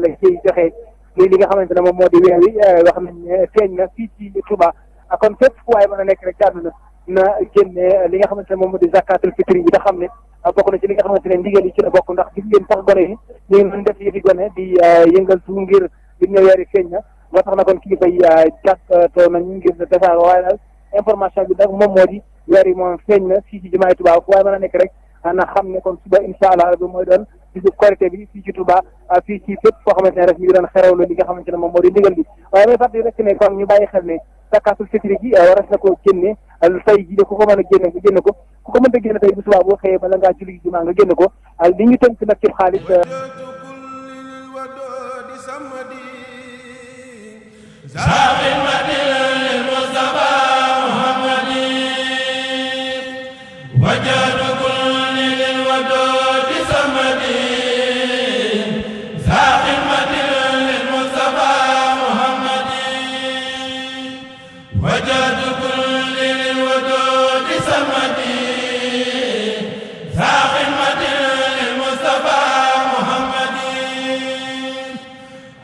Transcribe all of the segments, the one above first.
la ci joxe muy li nga xamante ne moom moo di weer wi yoo eh, xam ne feeñ na fii ci Touba ah, kon fépp fu waaye mën a nekk rek jaadu na na génne li nga xamante ne moom moo di zakatul fitri nga xam ne ah, bokk na ci li nga xamante ne ndigal bokk ndax gis ngeen sax gone yi ñu ngi doon def eh, na moo tax na kon kilifa yi eh, jàppatoo nañu ngir defaat waaye daal information bi nag moom moo di na fii ci waaye mën nekk rek ah, na xam ne kon suba incha allah mooy doon bisub korité bi fii ci Touba fii ci fépp foo xamante ne rek ñu ngi doon nga xamante ne moom moo di ndigal bi waaye may fàttali rek ne kon ñu bàyyi xel ne sakaasul gi euh, waras na ko génne tey ji ko mën a génne nga génne ko ku ko mënta génne tey bu subaa boo xëyee bala ngaa julli jumaa nga ko li ñu tënk nag ci xaalis euh,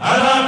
you.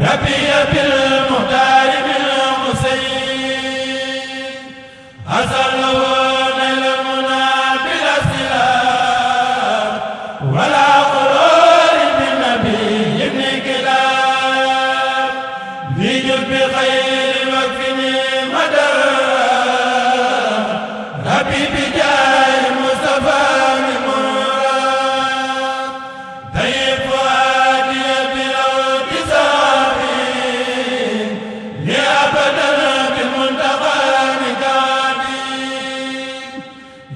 rabbi bil muhtar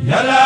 Yalla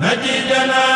najdana